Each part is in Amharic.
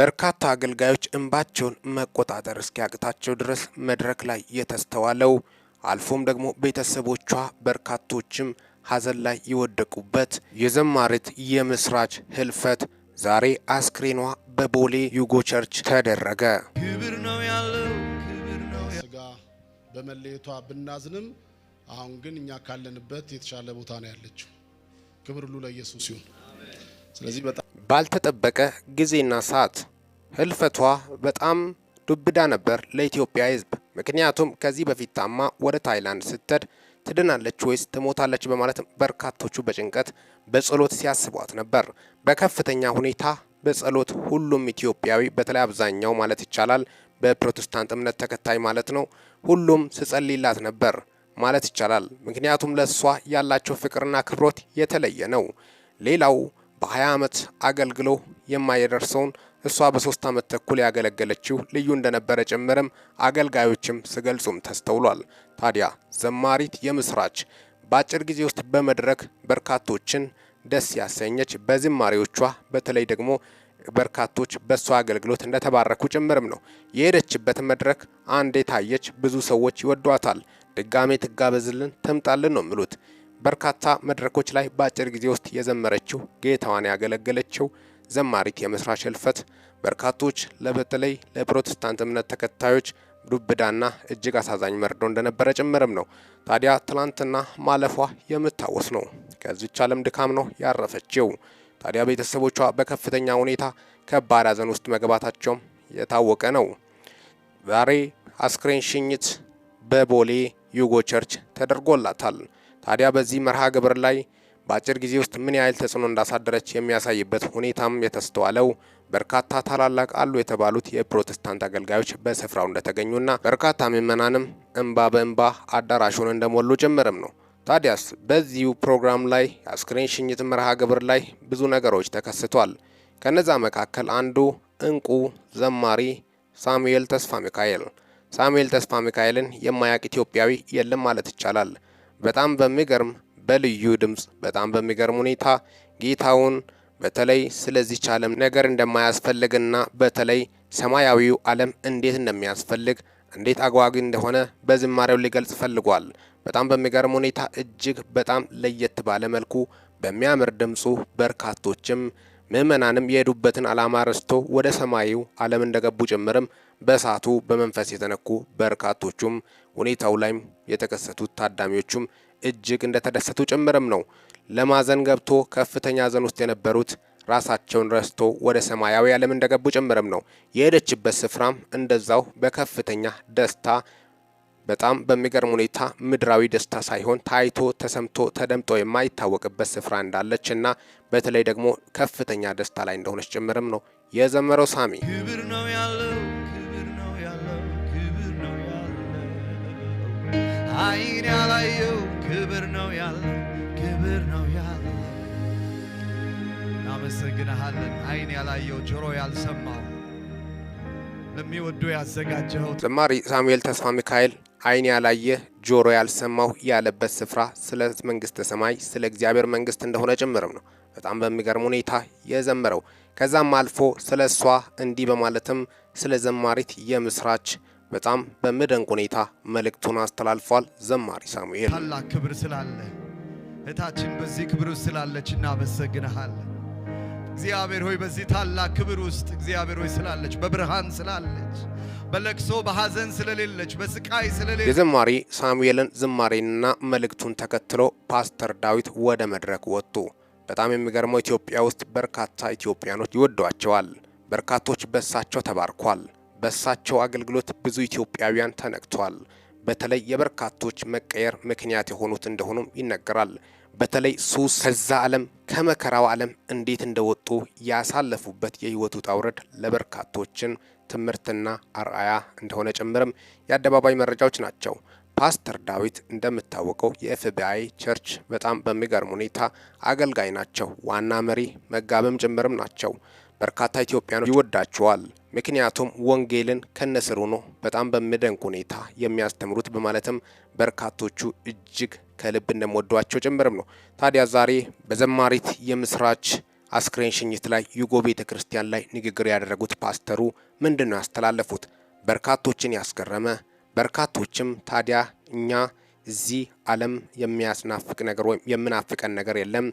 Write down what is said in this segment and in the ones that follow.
በርካታ አገልጋዮች እንባቸውን መቆጣጠር እስኪያቅታቸው ድረስ መድረክ ላይ የተስተዋለው አልፎም ደግሞ ቤተሰቦቿ በርካቶችም ሀዘን ላይ የወደቁበት የዘማሪት የምስራች ህልፈት ዛሬ አስክሬኗ በቦሌ ዩጎ ቸርች ተደረገ። ክብር ነው ያለው ስጋ በመለየቷ ብናዝንም፣ አሁን ግን እኛ ካለንበት የተሻለ ቦታ ነው ያለችው። ክብር ሁሉ ለኢየሱስ ይሁን። ስለዚህ ባልተጠበቀ ጊዜና ሰዓት ህልፈቷ በጣም ዱብዳ ነበር ለኢትዮጵያ ህዝብ ምክንያቱም ከዚህ በፊት ታማ ወደ ታይላንድ ስትሄድ ትድናለች ወይስ ትሞታለች በማለት በርካቶቹ በጭንቀት በጸሎት ሲያስቧት ነበር። በከፍተኛ ሁኔታ በጸሎት ሁሉም ኢትዮጵያዊ በተለይ አብዛኛው ማለት ይቻላል በፕሮቴስታንት እምነት ተከታይ ማለት ነው፣ ሁሉም ስጸልይላት ነበር ማለት ይቻላል። ምክንያቱም ለእሷ ያላቸው ፍቅርና አክብሮት የተለየ ነው። ሌላው በ20 ዓመት አገልግሎ የማይደርሰውን እሷ በሶስት ዓመት ተኩል ያገለገለችው ልዩ እንደነበረ ጭምርም አገልጋዮችም ስገልጹም ተስተውሏል። ታዲያ ዘማሪት የምስራች በአጭር ጊዜ ውስጥ በመድረክ በርካቶችን ደስ ያሰኘች በዝማሬዎቿ በተለይ ደግሞ በርካቶች በእሷ አገልግሎት እንደተባረኩ ጭምርም ነው። የሄደችበት መድረክ አንዴ ታየች፣ ብዙ ሰዎች ይወዷታል። ድጋሜ ትጋበዝልን፣ ትምጣልን ነው የሚሉት። በርካታ መድረኮች ላይ በአጭር ጊዜ ውስጥ የዘመረችው ጌታዋን ያገለገለችው ዘማሪት የምስራች ህልፈት በርካቶች በተለይ ለፕሮቴስታንት እምነት ተከታዮች ዱብዳና እጅግ አሳዛኝ መርዶ እንደነበረ ጭምርም ነው። ታዲያ ትላንትና ማለፏ የምታወስ ነው። ከዚች ዓለም ድካም ነው ያረፈችው። ታዲያ ቤተሰቦቿ በከፍተኛ ሁኔታ ከባድ ሐዘን ውስጥ መግባታቸውም የታወቀ ነው። ዛሬ አስክሬን ሽኝት በቦሌ ዩጎ ቸርች ተደርጎላታል። ታዲያ በዚህ መርሃ ግብር ላይ በአጭር ጊዜ ውስጥ ምን ያህል ተጽዕኖ እንዳሳደረች የሚያሳይበት ሁኔታም የተስተዋለው በርካታ ታላላቅ አሉ የተባሉት የፕሮቴስታንት አገልጋዮች በስፍራው እንደተገኙና በርካታ ምዕመናንም እንባ በእንባ አዳራሹን እንደሞሉ ጭምርም ነው። ታዲያስ በዚሁ ፕሮግራም ላይ የአስክሬን ሽኝት መርሃ ግብር ላይ ብዙ ነገሮች ተከስቷል። ከነዛ መካከል አንዱ እንቁ ዘማሪ ሳሙኤል ተስፋ ሚካኤል። ሳሙኤል ተስፋ ሚካኤልን የማያቅ ኢትዮጵያዊ የለም ማለት ይቻላል። በጣም በሚገርም በልዩ ድምፅ በጣም በሚገርም ሁኔታ ጌታውን በተለይ ስለዚች ዓለም ነገር እንደማያስፈልግና በተለይ ሰማያዊው ዓለም እንዴት እንደሚያስፈልግ እንዴት አጓጊ እንደሆነ በዝማሬው ሊገልጽ ፈልጓል። በጣም በሚገርም ሁኔታ እጅግ በጣም ለየት ባለ መልኩ በሚያምር ድምፁ በርካቶችም ምእመናንም የሄዱበትን ዓላማ ረስቶ ወደ ሰማዩ ዓለም እንደገቡ ጭምርም በእሳቱ በመንፈስ የተነኩ በርካቶቹም ሁኔታው ላይም የተከሰቱት ታዳሚዎቹም እጅግ እንደተደሰቱ ጭምርም ነው። ለማዘን ገብቶ ከፍተኛ ሐዘን ውስጥ የነበሩት ራሳቸውን ረስቶ ወደ ሰማያዊ ዓለም እንደገቡ ጭምርም ነው። የሄደችበት ስፍራም እንደዛው በከፍተኛ ደስታ በጣም በሚገርም ሁኔታ ምድራዊ ደስታ ሳይሆን ታይቶ ተሰምቶ ተደምጦ የማይታወቅበት ስፍራ እንዳለች እና በተለይ ደግሞ ከፍተኛ ደስታ ላይ እንደሆነች ጭምርም ነው የዘመረው ሳሚ። አይን ያላየው ክብር ነው ያለ ክብር ነው ያለ እናመሰግንሃለን። አይን ያላየው ጆሮ ያልሰማው ለሚወዱ ያዘጋጀኸው ዘማሪ ሳሙኤል ተስፋ ሚካኤል አይን ያላየ ጆሮ ያልሰማው ያለበት ስፍራ ስለ መንግስተ ሰማይ ስለ እግዚአብሔር መንግስት እንደሆነ ጭምርም ነው። በጣም በሚገርም ሁኔታ የዘመረው ከዛም አልፎ ስለ እሷ እንዲህ በማለትም ስለ ዘማሪት የምስራች በጣም በምደንቅ ሁኔታ መልእክቱን አስተላልፏል። ዘማሪ ሳሙኤል ታላቅ ክብር ስላለ እህታችን በዚህ ክብር ውስጥ ስላለች እናመሰግንሃለን። እግዚአብሔር ሆይ በዚህ ታላቅ ክብር ውስጥ እግዚአብሔር ሆይ ስላለች በብርሃን ስላለች በለቅሶ በሐዘን ስለሌለች በስቃይ ስለሌለች የዘማሪ ሳሙኤልን ዝማሬንና መልእክቱን ተከትሎ ፓስተር ዳዊት ወደ መድረክ ወጡ። በጣም የሚገርመው ኢትዮጵያ ውስጥ በርካታ ኢትዮጵያኖች ይወዷቸዋል። በርካቶች በሳቸው ተባርኳል። በእሳቸው አገልግሎት ብዙ ኢትዮጵያውያን ተነክተዋል። በተለይ የበርካቶች መቀየር ምክንያት የሆኑት እንደሆኑም ይነገራል። በተለይ ሱስ ከዛ ዓለም ከመከራው ዓለም እንዴት እንደወጡ ያሳለፉበት የህይወቱ ውጣ ውረድ ለበርካቶችን ትምህርትና አርአያ እንደሆነ ጭምርም የአደባባይ መረጃዎች ናቸው። ፓስተር ዳዊት እንደምታወቀው የኤፍቢአይ ቸርች በጣም በሚገርም ሁኔታ አገልጋይ ናቸው። ዋና መሪ መጋበም ጭምርም ናቸው። በርካታ ኢትዮጵያኖች ይወዳቸዋል። ምክንያቱም ወንጌልን ከነስር ሆኖ በጣም በሚደንቅ ሁኔታ የሚያስተምሩት በማለትም በርካቶቹ እጅግ ከልብ እንደምወዷቸው ጭምርም ነው። ታዲያ ዛሬ በዘማሪት የምስራች አስክሬን ሽኝት ላይ ዩጎ ቤተ ክርስቲያን ላይ ንግግር ያደረጉት ፓስተሩ ምንድን ነው ያስተላለፉት? በርካቶችን ያስገረመ በርካቶችም ታዲያ እኛ እዚህ ዓለም የሚያስናፍቅ ነገር ወይም የምናፍቀን ነገር የለም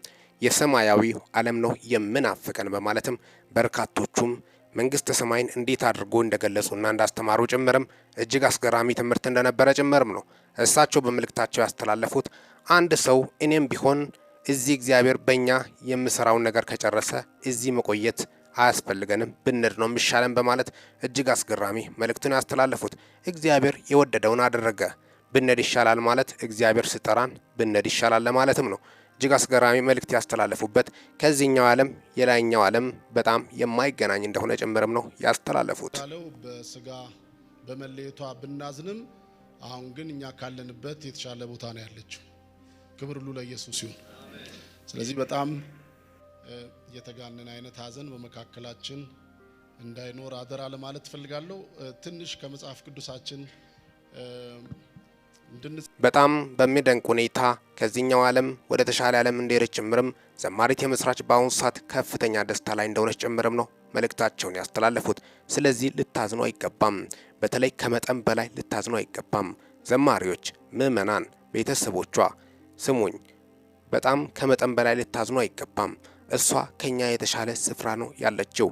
የሰማያዊ ዓለም ነው የምናፍቀን በማለትም በርካቶቹም መንግስተ ሰማይን እንዴት አድርጎ እንደገለጹና እንዳስተማሩ ጭምርም እጅግ አስገራሚ ትምህርት እንደነበረ ጭምርም ነው እሳቸው በመልእክታቸው ያስተላለፉት። አንድ ሰው እኔም ቢሆን እዚህ እግዚአብሔር በእኛ የምሰራውን ነገር ከጨረሰ እዚህ መቆየት አያስፈልገንም ብንድ ነው የሚሻለን በማለት እጅግ አስገራሚ መልእክቱን ያስተላለፉት። እግዚአብሔር የወደደውን አደረገ። ብንድ ይሻላል ማለት እግዚአብሔር ስጠራን ብንድ ይሻላል ለማለትም ነው። እጅግ አስገራሚ መልእክት ያስተላለፉበት ከዚህኛው ዓለም የላይኛው ዓለም በጣም የማይገናኝ እንደሆነ ጭምርም ነው ያስተላለፉት። በስጋ በመለየቷ ብናዝንም አሁን ግን እኛ ካለንበት የተሻለ ቦታ ነው ያለችው። ክብር ሁሉ ለኢየሱስ ይሁን። ስለዚህ በጣም የተጋነን አይነት ሀዘን በመካከላችን እንዳይኖር አደራ ለማለት እፈልጋለሁ። ትንሽ ከመጽሐፍ ቅዱሳችን በጣም በሚደንቅ ሁኔታ ከዚህኛው ዓለም ወደ ተሻለ ዓለም እንደሄደች ጭምርም ዘማሪት የምስራች በአሁኑ ሰዓት ከፍተኛ ደስታ ላይ እንደሆነች ጭምርም ነው መልእክታቸውን ያስተላለፉት። ስለዚህ ልታዝኑ አይገባም። በተለይ ከመጠን በላይ ልታዝኑ አይገባም። ዘማሪዎች፣ ምዕመናን፣ ቤተሰቦቿ ስሙኝ፣ በጣም ከመጠን በላይ ልታዝኑ አይገባም። እሷ ከኛ የተሻለ ስፍራ ነው ያለችው።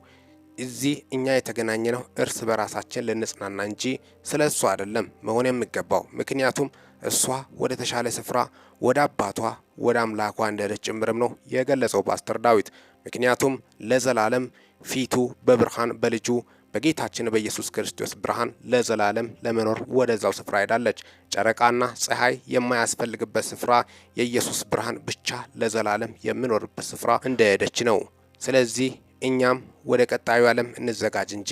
እዚህ እኛ የተገናኘ ነው እርስ በራሳችን ልንጽናና እንጂ ስለ እሷ አይደለም መሆን የሚገባው። ምክንያቱም እሷ ወደ ተሻለ ስፍራ ወደ አባቷ ወደ አምላኳ እንደሄደች ጭምርም ነው የገለጸው ፓስተር ዳዊት። ምክንያቱም ለዘላለም ፊቱ በብርሃን በልጁ በጌታችን በኢየሱስ ክርስቶስ ብርሃን ለዘላለም ለመኖር ወደዛው ስፍራ ሄዳለች። ጨረቃና ፀሐይ የማያስፈልግበት ስፍራ የኢየሱስ ብርሃን ብቻ ለዘላለም የሚኖርበት ስፍራ እንደሄደች ነው። ስለዚህ እኛም ወደ ቀጣዩ ዓለም እንዘጋጅ እንጂ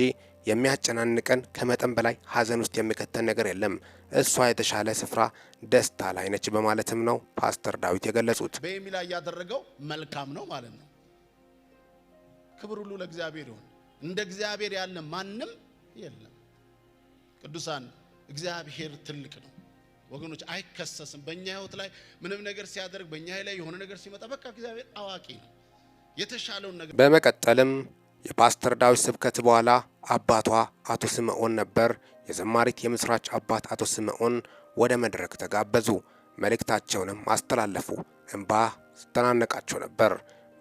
የሚያጨናንቀን ከመጠን በላይ ሀዘን ውስጥ የሚከተን ነገር የለም። እሷ የተሻለ ስፍራ ደስታ ላይ ነች በማለትም ነው ፓስተር ዳዊት የገለጹት። በኤሚ ላይ ያደረገው መልካም ነው ማለት ነው። ክብር ሁሉ ለእግዚአብሔር ይሁን። እንደ እግዚአብሔር ያለ ማንም የለም። ቅዱሳን እግዚአብሔር ትልቅ ነው ወገኖች፣ አይከሰስም። በእኛ ህይወት ላይ ምንም ነገር ሲያደርግ፣ በእኛ ላይ የሆነ ነገር ሲመጣ፣ በቃ እግዚአብሔር አዋቂ ነው። የተሻለውን ነገር በመቀጠልም የፓስተር ዳዊት ስብከት በኋላ አባቷ አቶ ስምዖን ነበር። የዘማሪት የምስራች አባት አቶ ስምዖን ወደ መድረክ ተጋበዙ። መልእክታቸውንም አስተላለፉ። እንባ ስተናነቃቸው ነበር።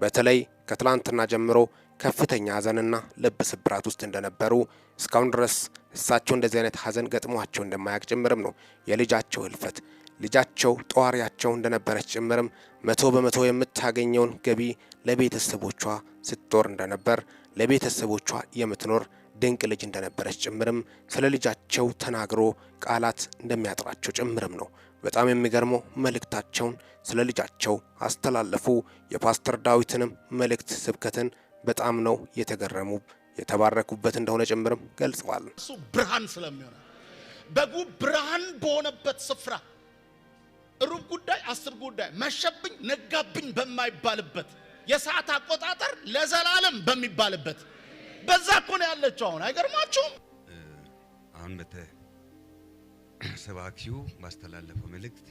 በተለይ ከትላንትና ጀምሮ ከፍተኛ ሐዘንና ልብ ስብራት ውስጥ እንደነበሩ እስካሁን ድረስ እሳቸው እንደዚህ አይነት ሐዘን ገጥሟቸው እንደማያቅ ጭምርም ነው የልጃቸው ህልፈት ልጃቸው ጠዋሪያቸው እንደነበረች ጭምርም መቶ በመቶ የምታገኘውን ገቢ ለቤተሰቦቿ ስትጦር እንደነበር ለቤተሰቦቿ የምትኖር ድንቅ ልጅ እንደነበረች ጭምርም ስለ ልጃቸው ተናግሮ ቃላት እንደሚያጥራቸው ጭምርም ነው። በጣም የሚገርመው መልእክታቸውን ስለ ልጃቸው አስተላለፉ። የፓስተር ዳዊትንም መልእክት ስብከትን በጣም ነው የተገረሙ የተባረኩበት እንደሆነ ጭምርም ገልጸዋል። እሱ ብርሃን ስለሚሆነ በጉ ብርሃን በሆነበት ስፍራ ሩብ ጉዳይ አስር ጉዳይ መሸብኝ ነጋብኝ በማይባልበት የሰዓት አቆጣጠር ለዘላለም በሚባልበት በዛ እኮ ነው ያለችው። አሁን አይገርማችሁም? አሁን ሰባኪው ባስተላለፈው መልእክት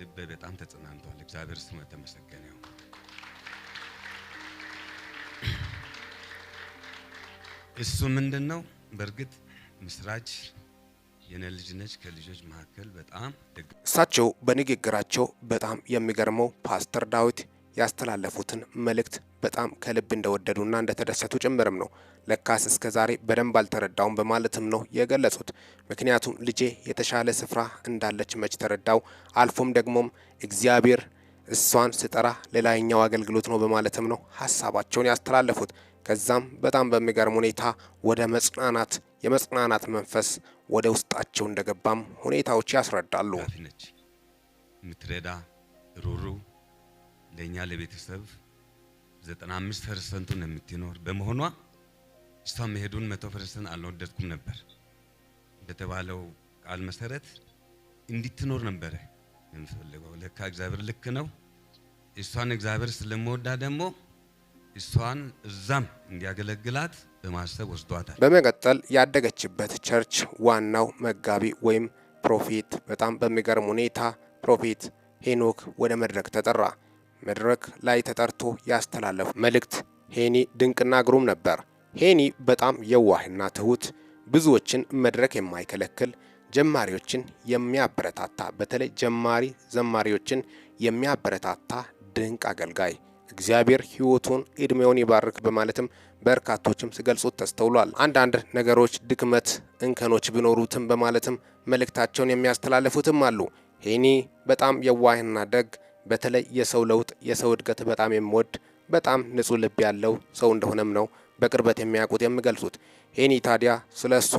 ልቤ በጣም ተጽናንቷል። እግዚአብሔር ስሙ የተመሰገነ ይሁን። እሱ ምንድን ነው? በእርግጥ ምስራች የኔ ልጅ ነች ከልጆች መካከል በጣም እሳቸው በንግግራቸው በጣም የሚገርመው ፓስተር ዳዊት ያስተላለፉትን መልእክት በጣም ከልብ እንደወደዱና እንደተደሰቱ ጭምርም ነው። ለካስ እስከ ዛሬ በደንብ አልተረዳውም በማለትም ነው የገለጹት። ምክንያቱም ልጄ የተሻለ ስፍራ እንዳለች መች ተረዳው፣ አልፎም ደግሞም እግዚአብሔር እሷን ስጠራ ለላይኛው አገልግሎት ነው በማለትም ነው ሀሳባቸውን ያስተላለፉት። ከዛም በጣም በሚገርም ሁኔታ ወደ መጽናናት የመጽናናት መንፈስ ወደ ውስጣቸው እንደገባም ሁኔታዎች ያስረዳሉ። ነች የምትረዳ ሩሩ ለእኛ ለቤተሰብ 95 ፐርሰንቱን የምትኖር በመሆኗ እሷ መሄዱን መቶ ፐርሰንት አልወደድኩም ነበር። በተባለው ቃል መሰረት እንድትኖር ነበረ የምፈልገው። ለካ እግዚአብሔር ልክ ነው። እሷን እግዚአብሔር ስለምወዳ ደግሞ እሷን እዛም እንዲያገለግላት በማሰብ ወስዷታል። በመቀጠል ያደገችበት ቸርች ዋናው መጋቢ ወይም ፕሮፌት በጣም በሚገርም ሁኔታ ፕሮፌት ሄኖክ ወደ መድረክ ተጠራ። መድረክ ላይ ተጠርቶ ያስተላለፉ መልእክት ሄኒ ድንቅና ግሩም ነበር። ሄኒ በጣም የዋህና ትሁት፣ ብዙዎችን መድረክ የማይከለክል ጀማሪዎችን የሚያበረታታ በተለይ ጀማሪ ዘማሪዎችን የሚያበረታታ ድንቅ አገልጋይ እግዚአብሔር ህይወቱን እድሜውን ይባርክ በማለትም በርካቶችም ሲገልጹት ተስተውሏል። አንዳንድ ነገሮች ድክመት፣ እንከኖች ቢኖሩትም በማለትም መልእክታቸውን የሚያስተላልፉትም አሉ። ሄኒ በጣም የዋህና ደግ በተለይ የሰው ለውጥ የሰው እድገት በጣም የሚወድ በጣም ንጹህ ልብ ያለው ሰው እንደሆነም ነው በቅርበት የሚያውቁት የሚገልጹት። ሄኒ ታዲያ ስለ እሷ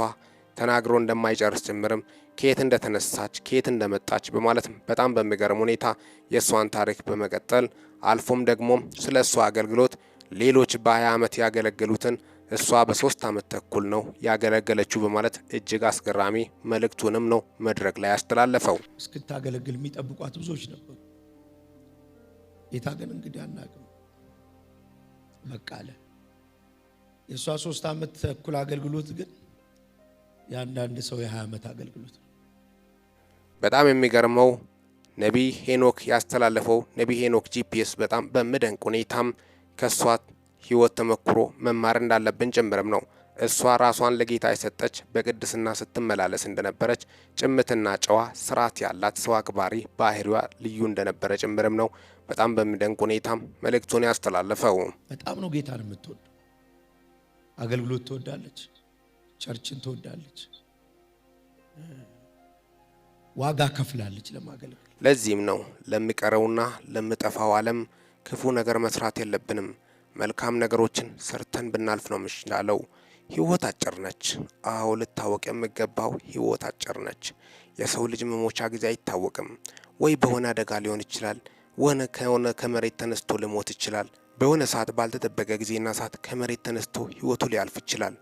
ተናግሮ እንደማይጨርስ ጭምርም ከየት እንደተነሳች ከየት እንደመጣች በማለት በጣም በሚገርም ሁኔታ የእሷን ታሪክ በመቀጠል አልፎም ደግሞ ስለ እሷ አገልግሎት ሌሎች በ20 ዓመት ያገለገሉትን እሷ በሶስት ዓመት ተኩል ነው ያገለገለችው በማለት እጅግ አስገራሚ መልእክቱንም ነው መድረክ ላይ ያስተላለፈው። እስክታገለግል የሚጠብቋት ብዙዎች ነበሩ። ጌታ ግን እንግዲህ አናቅም በቃ የእሷ ሶስት ዓመት ተኩል አገልግሎት ግን የአንዳንድ ሰው የ20 ዓመት አገልግሎት ነው። በጣም የሚገርመው ነቢ ሄኖክ ያስተላለፈው ነቢ ሄኖክ ጂፒኤስ በጣም በሚደንቅ ሁኔታም ከእሷ ህይወት ተመክሮ መማር እንዳለብን ጭምርም ነው። እሷ ራሷን ለጌታ የሰጠች በቅድስና ስትመላለስ እንደነበረች ጭምትና ጨዋ ስርዓት ያላት ሰው አክባሪ ባህሪዋ ልዩ እንደነበረ ጭምርም ነው። በጣም በሚደንቅ ሁኔታም መልእክቱን ያስተላለፈው። በጣም ነው ጌታን የምትወድ አገልግሎት ትወዳለች፣ ቸርችን ትወዳለች። ዋጋ ከፍላለች ለማገልገል። ለዚህም ነው ለሚቀረውና ለምጠፋው ዓለም ክፉ ነገር መስራት የለብንም፣ መልካም ነገሮችን ሰርተን ብናልፍ ነው የምንችለው። ህይወት አጭር ነች። አዎ ልታወቅ የሚገባው ህይወት አጭር ነች። የሰው ልጅ መሞቻ ጊዜ አይታወቅም። ወይ በሆነ አደጋ ሊሆን ይችላል፣ ወነ ከሆነ ከመሬት ተነስቶ ሊሞት ይችላል። በሆነ ሰዓት ባልተጠበቀ ጊዜና ሰዓት ከመሬት ተነስቶ ህይወቱ ሊያልፍ ይችላል።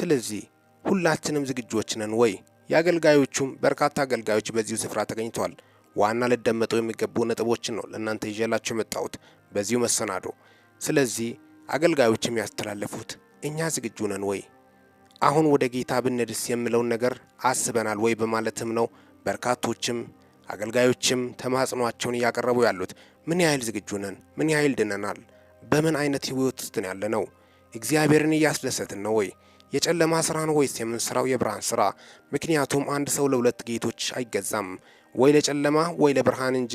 ስለዚህ ሁላችንም ዝግጆች ነን ወይ? የአገልጋዮቹም በርካታ አገልጋዮች በዚሁ ስፍራ ተገኝተዋል። ዋና ልደመጠው የሚገቡ ነጥቦችን ነው ለእናንተ ይዤላችሁ የመጣሁት በዚሁ መሰናዶ። ስለዚህ አገልጋዮች የሚያስተላለፉት እኛ ዝግጁ ነን ወይ አሁን ወደ ጌታ ብንድስ የምለውን ነገር አስበናል ወይ በማለትም ነው በርካቶችም አገልጋዮችም ተማጽኗቸውን እያቀረቡ ያሉት። ምን ያህል ዝግጁ ነን? ምን ያህል ድነናል? በምን አይነት ህይወት ውስጥ ያለ ነው? እግዚአብሔርን እያስደሰትን ነው ወይ? የጨለማ ስራ ነው ወይስ የምንሰራው የብርሃን ስራ? ምክንያቱም አንድ ሰው ለሁለት ጌቶች አይገዛም፣ ወይ ለጨለማ ወይ ለብርሃን እንጂ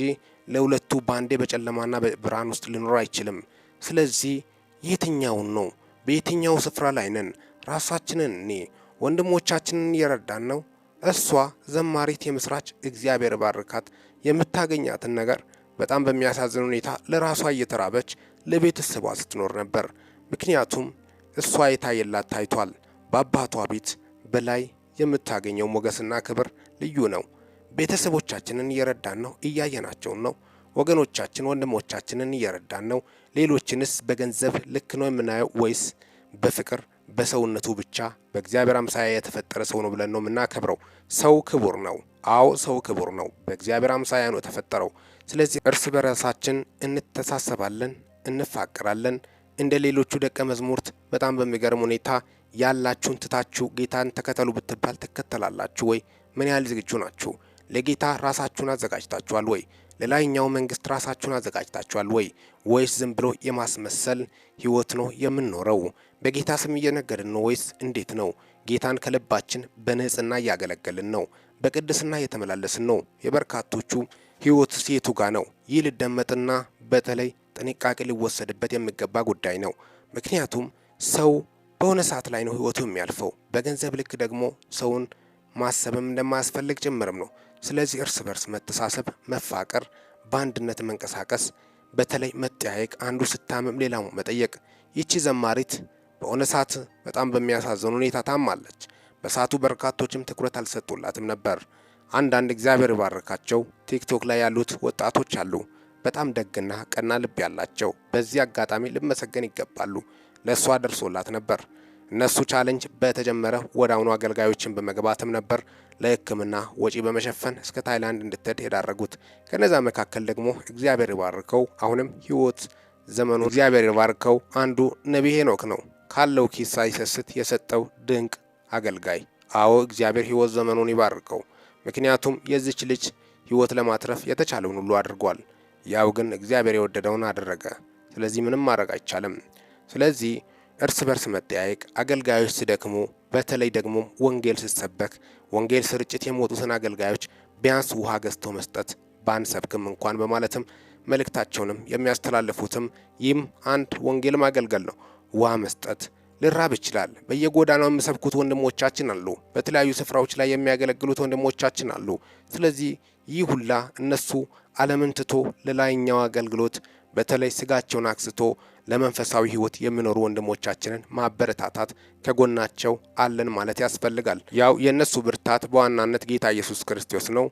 ለሁለቱ ባንዴ በጨለማና በብርሃን ውስጥ ሊኖር አይችልም። ስለዚህ የትኛውን ነው? በየትኛው ስፍራ ላይ ነን? ራሳችንን እኔ ወንድሞቻችንን እየረዳን ነው። እሷ ዘማሪት የምስራች እግዚአብሔር ባርካት የምታገኛትን ነገር በጣም በሚያሳዝን ሁኔታ ለራሷ እየተራበች ለቤተሰቧ ስትኖር ነበር። ምክንያቱም እሷ የታየላት ታይቷል። በአባቷ ቤት በላይ የምታገኘው ሞገስና ክብር ልዩ ነው። ቤተሰቦቻችንን እየረዳን ነው፣ እያየናቸውን ነው። ወገኖቻችን ወንድሞቻችንን እየረዳን ነው። ሌሎችንስ በገንዘብ ልክ ነው የምናየው ወይስ በፍቅር በሰውነቱ ብቻ በእግዚአብሔር አምሳያ የተፈጠረ ሰው ነው ብለን ነው የምናከብረው? ሰው ክቡር ነው። አዎ ሰው ክቡር ነው። በእግዚአብሔር አምሳያ ነው የተፈጠረው። ስለዚህ እርስ በራሳችን እንተሳሰባለን፣ እንፋቅራለን። እንደ ሌሎቹ ደቀ መዝሙርት በጣም በሚገርም ሁኔታ ያላችሁን ትታችሁ ጌታን ተከተሉ ብትባል ትከተላላችሁ ወይ? ምን ያህል ዝግጁ ናችሁ? ለጌታ ራሳችሁን አዘጋጅታችኋል ወይ? ለላይኛው መንግስት ራሳችሁን አዘጋጅታችኋል ወይ? ወይስ ዝም ብሎ የማስመሰል ህይወት ነው የምንኖረው? በጌታ ስም እየነገድን ነው ወይስ እንዴት ነው? ጌታን ከልባችን በንጽህና እያገለገልን ነው? በቅድስና እየተመላለስን ነው? የበርካቶቹ ህይወት ሴቱ ጋ ነው። ይህ ልደመጥና በተለይ ጥንቃቄ ሊወሰድበት የሚገባ ጉዳይ ነው። ምክንያቱም ሰው በሆነ ሰዓት ላይ ነው ህይወቱ የሚያልፈው። በገንዘብ ልክ ደግሞ ሰውን ማሰብም እንደማያስፈልግ ጭምርም ነው። ስለዚህ እርስ በርስ መተሳሰብ፣ መፋቀር፣ በአንድነት መንቀሳቀስ፣ በተለይ መጠያየቅ፣ አንዱ ስታምም ሌላው መጠየቅ። ይቺ ዘማሪት በሆነ ሰዓት በጣም በሚያሳዝን ሁኔታ ታማለች። በሰዓቱ በርካቶችም ትኩረት አልሰጡላትም ነበር። አንዳንድ እግዚአብሔር ባረካቸው ቲክቶክ ላይ ያሉት ወጣቶች አሉ፣ በጣም ደግና ቀና ልብ ያላቸው። በዚህ አጋጣሚ ልመሰገን ይገባሉ። ለእሷ ደርሶላት ነበር። እነሱ ቻለንጅ በተጀመረ ወደ አሁኑ አገልጋዮችን በመግባትም ነበር ለሕክምና ወጪ በመሸፈን እስከ ታይላንድ እንድትሄድ የዳረጉት። ከነዛ መካከል ደግሞ እግዚአብሔር ይባርከው አሁንም ህይወት ዘመኑ እግዚአብሔር ይባርከው አንዱ ነቢይ ሄኖክ ነው። ካለው ኪስ ሳይሰስት የሰጠው ድንቅ አገልጋይ። አዎ እግዚአብሔር ህይወት ዘመኑን ይባርከው። ምክንያቱም የዚች ልጅ ህይወት ለማትረፍ የተቻለውን ሁሉ አድርጓል። ያው ግን እግዚአብሔር የወደደውን አደረገ። ስለዚህ ምንም ማድረግ አይቻልም። ስለዚህ እርስ በርስ መጠያየቅ፣ አገልጋዮች ሲደክሙ፣ በተለይ ደግሞ ወንጌል ሲሰበክ ወንጌል ስርጭት የሞቱትን አገልጋዮች ቢያንስ ውሃ ገዝቶ መስጠት ባንሰብክም እንኳን በማለትም መልእክታቸውንም የሚያስተላልፉትም ይህም አንድ ወንጌል ማገልገል ነው። ውሃ መስጠት ሊራብ ይችላል። በየጎዳናው የሚሰብኩት ወንድሞቻችን አሉ። በተለያዩ ስፍራዎች ላይ የሚያገለግሉት ወንድሞቻችን አሉ። ስለዚህ ይህ ሁላ እነሱ ዓለምን ትቶ ለላይኛው አገልግሎት በተለይ ስጋቸውን አክስቶ ለመንፈሳዊ ህይወት የሚኖሩ ወንድሞቻችንን ማበረታታት ከጎናቸው አለን ማለት ያስፈልጋል። ያው የእነሱ ብርታት በዋናነት ጌታ ኢየሱስ ክርስቶስ ነው።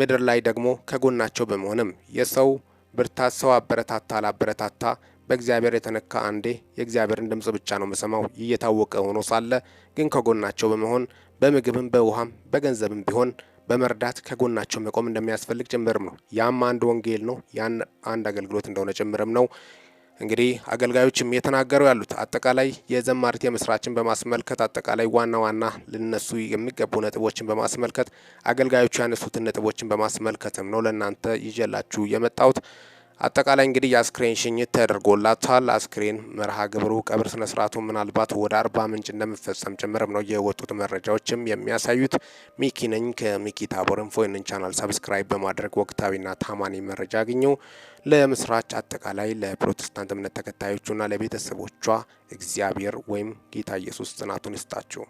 ምድር ላይ ደግሞ ከጎናቸው በመሆንም የሰው ብርታት ሰው አበረታታ አላበረታታ በእግዚአብሔር የተነካ አንዴ የእግዚአብሔርን ድምፅ ብቻ ነው መሰማው እየታወቀ ሆኖ ሳለ ግን ከጎናቸው በመሆን በምግብም በውሃም በገንዘብም ቢሆን በመርዳት ከጎናቸው መቆም እንደሚያስፈልግ ጭምርም ነው። ያም አንድ ወንጌል ነው። ያን አንድ አገልግሎት እንደሆነ ጭምርም ነው። እንግዲህ አገልጋዮችም የተናገሩ ያሉት አጠቃላይ የዘማሪት የምስራችን በማስመልከት አጠቃላይ ዋና ዋና ልነሱ የሚገቡ ነጥቦችን በማስመልከት አገልጋዮቹ ያነሱትን ነጥቦችን በማስመልከትም ነው ለእናንተ ይዤላችሁ የመጣሁት። አጠቃላይ እንግዲህ የአስክሬን ሽኝት ተደርጎላታል። አስክሬን መርሃ ግብሩ ቀብር ስነ ስርዓቱ ምናልባት ወደ አርባ ምንጭ እንደምፈጸም ጭምርም ነው የወጡት መረጃዎችም የሚያሳዩት። ሚኪ ነኝ ከሚኪ ታቦር ኢንፎ። ይህንን ቻናል ሰብስክራይብ በማድረግ ወቅታዊና ታማኒ መረጃ አግኙ። ለምስራች አጠቃላይ ለፕሮቴስታንት እምነት ተከታዮቹና ለቤተሰቦቿ እግዚአብሔር ወይም ጌታ ኢየሱስ ጽናቱን ይስጣችሁ።